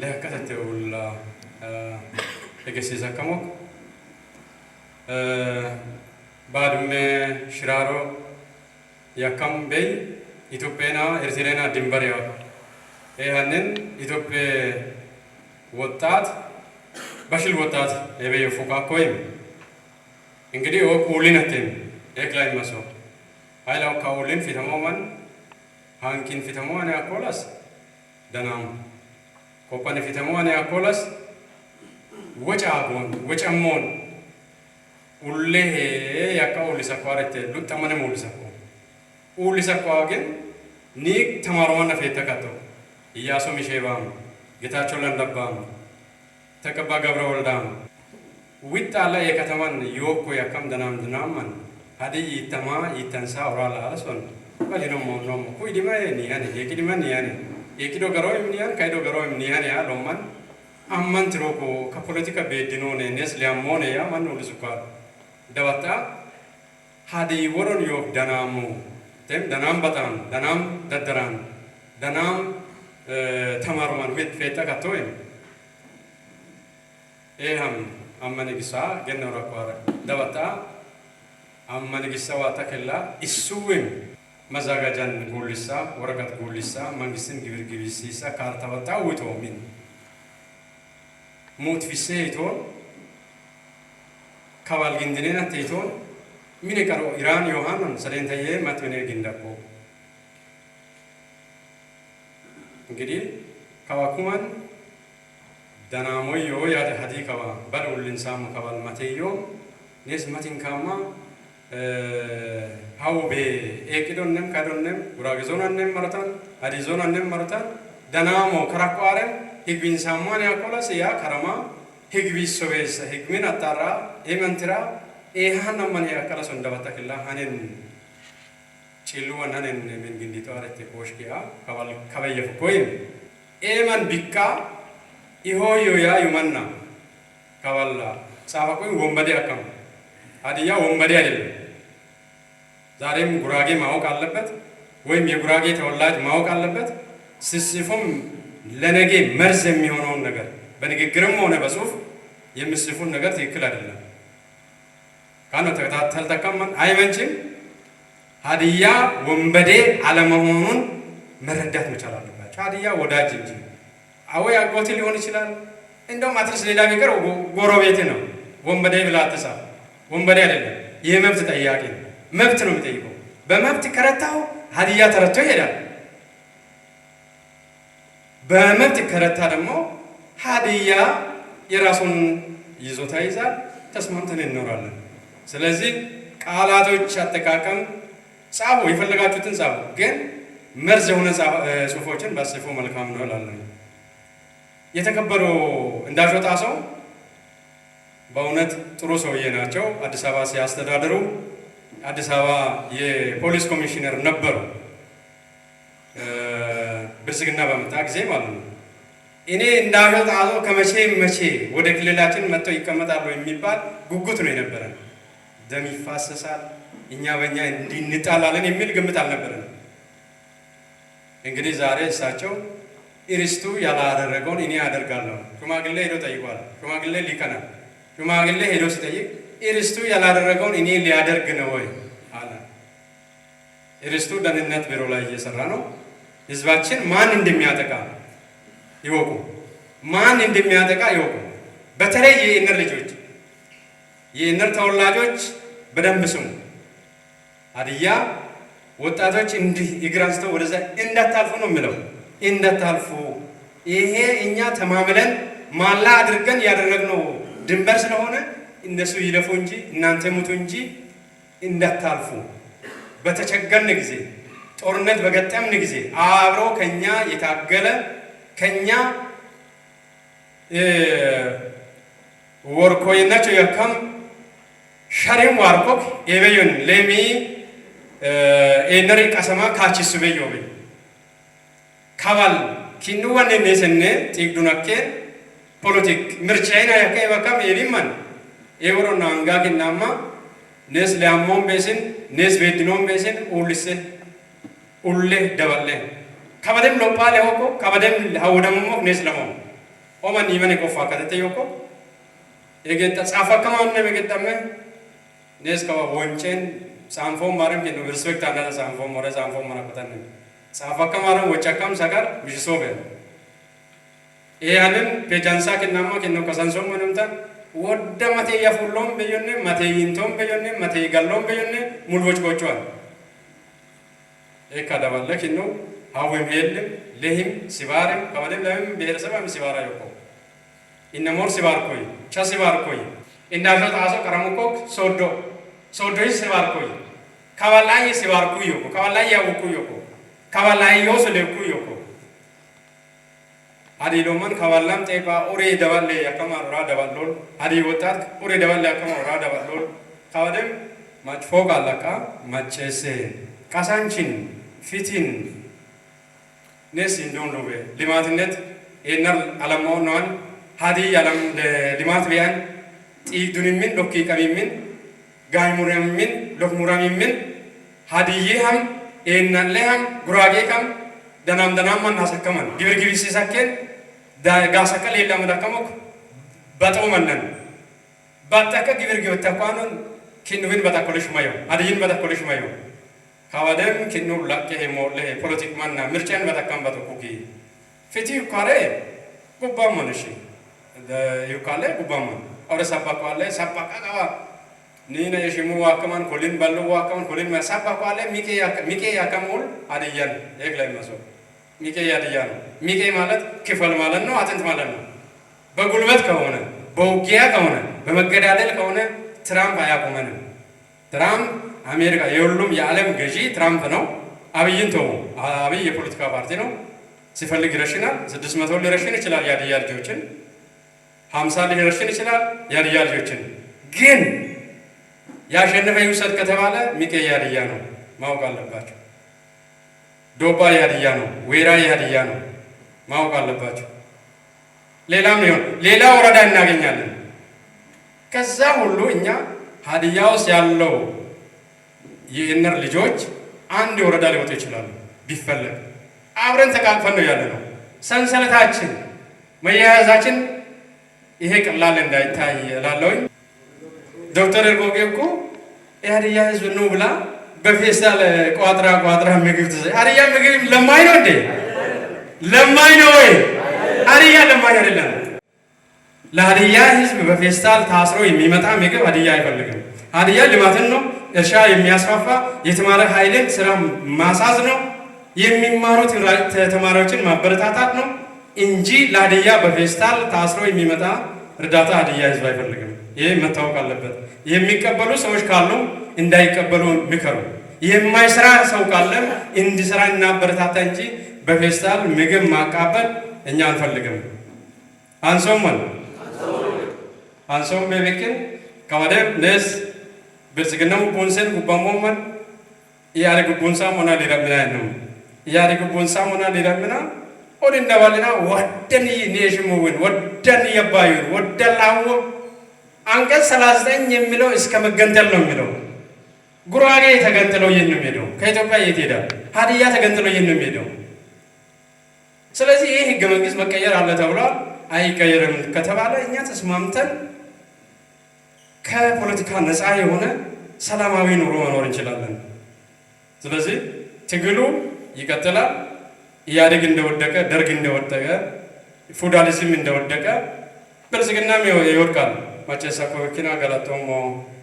leakatete olla ege siisakamok ባድመ ሽራሮ ያካም በይ ኢትዮጵያና ኤርትራና ድንበር ያው ይህንን ኢትዮጵያ ወጣት በሽል ወጣት የበየ ፉቃኮይም እንግዲህ ወቅ ውሊነቴም ኤክላይ መሶ ሀይላው ካውሊን ፊተሞመን ሀንኪን ፊተሞመን ያኮላስ ደናም Qophaan fitamoon akkolas wacaabon wacammoon ullee yakka uullisakko arette luxxamanem uullisakko uullisakko agen ኒቅ ተማርዋን ነፌ ተቀጠው ኢያሱ ሚሼባም ጌታቸው ለንደባም ተቀባ ገብረ ወልዳም ዊጣላ የከተማን ዮኮ ያካም ደናም ድናማን ሀዲይ ይተማ ይተንሳ ወራላ አለሶን በሊኖ ሞኖ ኩይ ዲማ ኒያኔ የቅድመን ኒያኔ የቂዶ ገሮምኒያን ከይዶ ገሮምኒያን ያ ሎማን አማን ትሮኮ ከፖለቲካ ቤድኖነ ነስ ሊያሞነ ያ ማን ሁሉ ሱካር ደባታ ሀዲ ወሮን ዮክ ደናሙ ተም ደናም በጣም ደናም ደደራን ደናም ተማሩማን ቤት ፈጣ ካቶይ ኤሃም አማን ግሳ ገነራ ቋራ ደባታ አማን ግሳ ዋታ ከላ እሱም መዛጋጃን ጉልሳ ወረቀት ጉልሳ መንግስትን ግብር ግብሲሳ ካርተበጣ ውቶ ሚን ሙት ፊሴ ይቶ ከባል ግንድኔና ተይቶ ሚን ቀሮ ኢራን ዮሐናን ሰለንተየ ማትመኔ ግንዳቆ እንግዲህ ከዋኩማን ደናሞዮ ያደ ሀዲ ከባ በል ከባል ማቴዮ ኔስ መቲን ሀውቤ ኤቅዶንም ከዶንም ጉራጌዞናንም መረታን አዲዞናንም መረታን ደናሞ ከራቋረን ሂግቢን ሳማን ያቆለስ ያ ከረማ ሂግቢ ሶቤሰ ሂግቢን አጣራ ኤመንትራ ኤሃን አማን ያቀለሶ እንደበተክላ ሀኔን ጭልወን ሀኔን ምን ግንዲቶ አረት ኮሽኪያ ከበል ከበየፍ ኮይን ኤመን ቢካ ኢሆዮ ያ ዩመና ከበላ ጻፈቁኝ ወንበዴ አከም አድያ ወንበዴ አይደለም ዛሬም ጉራጌ ማወቅ አለበት፣ ወይም የጉራጌ ተወላጅ ማወቅ አለበት። ስጽፉም ለነገ መርዝ የሚሆነውን ነገር በንግግርም ሆነ በጽሁፍ የምጽፉን ነገር ትክክል አይደለም። ተከታተል ተልተቀመን አይመንችም ሀዲያ ወንበዴ አለመሆኑን መረዳት መቻል አለባቸው። ሀዲያ ወዳጅ እንጂ አወይ አጎት ሊሆን ይችላል። እንደውም አትርስ ሌላ ቢቀር ጎረቤት ነው። ወንበዴ ብላ አትሳ ወንበዴ አይደለም፣ ይህ መብት ጠያቂ ነው። መብት ነው የሚጠይቀው። በመብት ከረታው ሀዲያ ተረቶ ይሄዳል። በመብት ከረታ ደግሞ ሀዲያ የራሱን ይዞታ ይዛል። ተስማምተን እንኖራለን። ስለዚህ ቃላቶች አጠቃቀም ጻፉ፣ የፈለጋችሁትን ጻፉ፣ ግን መርዝ የሆነ ጽሁፎችን ባጽፎ መልካም ነው እላለሁ። የተከበሩ እንዳሾጣ ሰው በእውነት ጥሩ ሰውዬ ናቸው። አዲስ አበባ ሲያስተዳድሩ አዲስ አበባ የፖሊስ ኮሚሽነር ነበሩ። ብልጽግና በመጣ ጊዜ ማለት ነው። እኔ እንዳለው ጣጦ ከመቼ መቼ ወደ ክልላችን መጥተው ይቀመጣሉ የሚባል ጉጉት ነው የነበረ። ደም ይፋሰሳል፣ እኛ በእኛ እንድንጣላለን የሚል ግምት አልነበረንም። እንግዲህ ዛሬ እሳቸው እርስቱ ያላደረገውን እኔ አደርጋለሁ። ሽማግሌ ሄዶ ጠይቋል። ሽማግሌ ሊቀናል። ሽማግሌ ሄዶ ሲጠይቅ እርስቱ ያላደረገውን እኔ ሊያደርግ ነው ወይ አለ። እርስቱ ደህንነት ቢሮ ላይ እየሰራ ነው። ህዝባችን ማን እንደሚያጠቃ ይወቁ፣ ማን እንደሚያጠቃ ይወቁ። በተለይ የኢነር ልጆች፣ የኢነር ተወላጆች በደንብ ስሙ። ሀዲያ ወጣቶች እንዲህ እግር አንስተው ወደዛ እንዳታልፉ ነው የምለው፣ እንዳታልፉ። ይሄ እኛ ተማምለን ማላ አድርገን ያደረግነው ድንበር ስለሆነ እነሱ ይለፉ እንጂ እናንተ ሙቱ እንጂ እንዳታልፉ። በተቸገርን ጊዜ ጦርነት በገጠምን ጊዜ አብሮ ከኛ የታገለ ከኛ ወርኮ ወርኮይነቸው የከም ሸሪም ዋርኮክ የበዩን ለሚ ኤነሪ ቀሰማ ካችሱ በዮቤ ካባል ኪንዋኔ ኔሰኔ ጢግዱናኬን ፖለቲክ ምርቻይና ያከ በካም ኤቢማን ಏವರೊನ್ನ ಹಂಗಾಗಿನ್ನಮ್ಮ ನೇಸ್ ಲ್ಯಾಮೋಂ ಬೇಸಿನ್ ನೇಸ್ ವೇದಿನೋಂ ಬೇಸಿನ್ ಉಳ್ಳಿಸೆ ಉಳ್ಳೆ ಡವಲ್ಲೆ ಕಬದೆಮ್ ಲೋಪಾಲೆ ಹೋಕೋ ಕಬದೆಮ್ ಹೌಡಮೋ ನೇಸ್ ಲಮೋ ಓಮ ನೀವನೆ ಕೋಫಾ ಕದತೆ ಯೋಕೋ ಎಗೆತ್ತ ጻፋ ಕಮಾನ್ನೆ ಮೆಗೆತ್ತಮ್ಮ ನೇಸ್ ಕವ ವಂಚೆನ್ ሳንፎም ማረም ጌ ነው ሪስፔክት አናለ ሳንፎም ወረ ሳንፎም ማረከተን ሳፋከ ማረም ወጫካም ሰጋር ቢሶበ ይሄንን ፔጃንሳ ከናማ ከነው ከሳንሶም ምንም ታ ወደ መቴ የፉሎም በዮነ መቴ ይንቶም በዮነ መቴ ጋሎም በዮነ ሙልቦች ቆጫል እካ ደባለክ ነው አወም ሄልም ለህም ሲባርም ከበደም ለምን ብሔረሰብም ሲባራ ይቆ እነ ሞር ሲባር ኮይ ቻ ሲባር ኮይ እንደ አቶ ጣሶ ቀረሙኮ ሶዶ ሶዶ ሲባር ኮይ ካባላይ ሲባር ኩዮ ካባላይ ያውኩ ዮኮ ካባላይ ዮስ ለኩ ዮኮ adiidhoomman kawallaam xeephaa uree daballee akkama horaa daballoon adii wattaat uree daballee akkama horaa daballoon kawadem macfoo kaallaqa macceessee qasanchin fitin nes indon lube limaatnet eenar alamoonnoan hadii alam limaat beyan xiigdunimmin dhokkiiqamimmin gaaymuramimmin lokmuramimmin hadiyye ham eennalle ham guraagee kam ደናምደናማን ናሰከመን ግብርግቢ ሲሰኬን ጋሰከ ሌላ መዳከሞክ በጠውመነን ባጠከ ግብርግብ ተኳኑን ኪንሁን በታኮለሽ ማየው አድይን በታኮለሽ ማየው ካዋደም ኪኑ ላቄ ሞለ ፖለቲክ ማና ምርጫን በታከምበት ኩኪ ፊቲ ኳሬ ጉባሞን እሺ ዩካለ ጉባሞን አውረ ሰባኳለ ሰባቃ ቃዋ ኒነ የሽሙ ዋከማን ኮሊን ባለው ዋከማን ኮሊን ሰባኳለ ሚቄ ያከሙል አድያን የግላይ መሶብ ሚቄ ያድያ ነው። ሚቄ ማለት ክፈል ማለት ነው፣ አጥንት ማለት ነው። በጉልበት ከሆነ በውጊያ ከሆነ በመገዳደል ከሆነ ትራምፕ አያቆመንም። ትራምፕ አሜሪካ የሁሉም የዓለም ገዢ ትራምፕ ነው። አብይን ተው። አብይ የፖለቲካ ፓርቲ ነው። ሲፈልግ ይረሽናል። ስድስት መቶ ሊረሽን ይችላል ያድያ ልጆችን፣ ሀምሳ ሊረሽን ይችላል ያድያ ልጆችን። ግን ያሸነፈ ይውሰድ ከተባለ ሚቄ ያድያ ነው ማወቅ አለባቸው። ዶባ የሀዲያ ነው፣ ወይራ የሀዲያ ነው። ማወቅ አለባቸው። ሌላም ሊሆን ሌላ ወረዳ እናገኛለን። ከዛ ሁሉ እኛ ሀዲያ ውስጥ ያለው የእነር ልጆች አንድ ወረዳ ሊወጡ ይችላሉ ቢፈለግ። አብረን ተቃቅፈን ነው ያለ ነው። ሰንሰለታችን መያያዛችን ይሄ ቀላል እንዳይታይ እላለሁኝ። ዶክተር እርጎጌ እኮ የሀዲያ ህዝብ ነው ብላ በፌስታል ቋጥራ ቋጥራ ምግብ ትዘ አርያ ምግብ ለማኝ ነው እንዴ? ለማኝ ነው ወይ? አርያ ለማኝ አይደለም። ለሀዲያ ህዝብ በፌስታል ታስሮ የሚመጣ ምግብ ሀዲያ አይፈልግም። ሀዲያ ልማትን ነው፣ እርሻ የሚያስፋፋ የተማረ ኃይልን ስራ ማሳዝ ነው፣ የሚማሩት ተማሪዎችን ማበረታታት ነው እንጂ ለሀዲያ በፌስታል ታስሮ የሚመጣ እርዳታ ሀዲያ ህዝብ አይፈልግም። ይህ መታወቅ አለበት። የሚቀበሉ ሰዎች ካሉ እንዳይቀበሉ ምከሩ። የማይሰራ ሰው ካለ እንዲሰራ እናበረታታ እንጂ በፌስታል ምግብ ማቃበል እኛ አንፈልግም። አንሶምን አንሶም ቤቤክን ከወደ ነስ ብልጽግናው ቦንሰን ጉባሞመን ያሪጉ ቦንሳ ሆና ሊረምና ነው ያሪጉ ቦንሳ ሆና ሊረምና ኦድ እንደባልና ወደን ኔሽሙውን ወደን የባዩን ወደላሁ አንቀጽ 39 የሚለው እስከ መገንጠል ነው የሚለው። ጉራጌ ተገንጥለው የት ነው የሚሄደው? ከኢትዮጵያ የት ሄዳል? ሀዲያ ተገንጥለው የት ነው የሚሄደው? ስለዚህ ይህ ህገ መንግስት መቀየር አለ ተብሏል። አይቀየርም ከተባለ እኛ ተስማምተን ከፖለቲካ ነፃ የሆነ ሰላማዊ ኑሮ መኖር እንችላለን። ስለዚህ ትግሉ ይቀጥላል። ኢህአዴግ እንደወደቀ፣ ደርግ እንደወደቀ፣ ፊውዳሊዝም እንደወደቀ ብልጽግናም ይወድቃል። macesako kina galatɔmɔ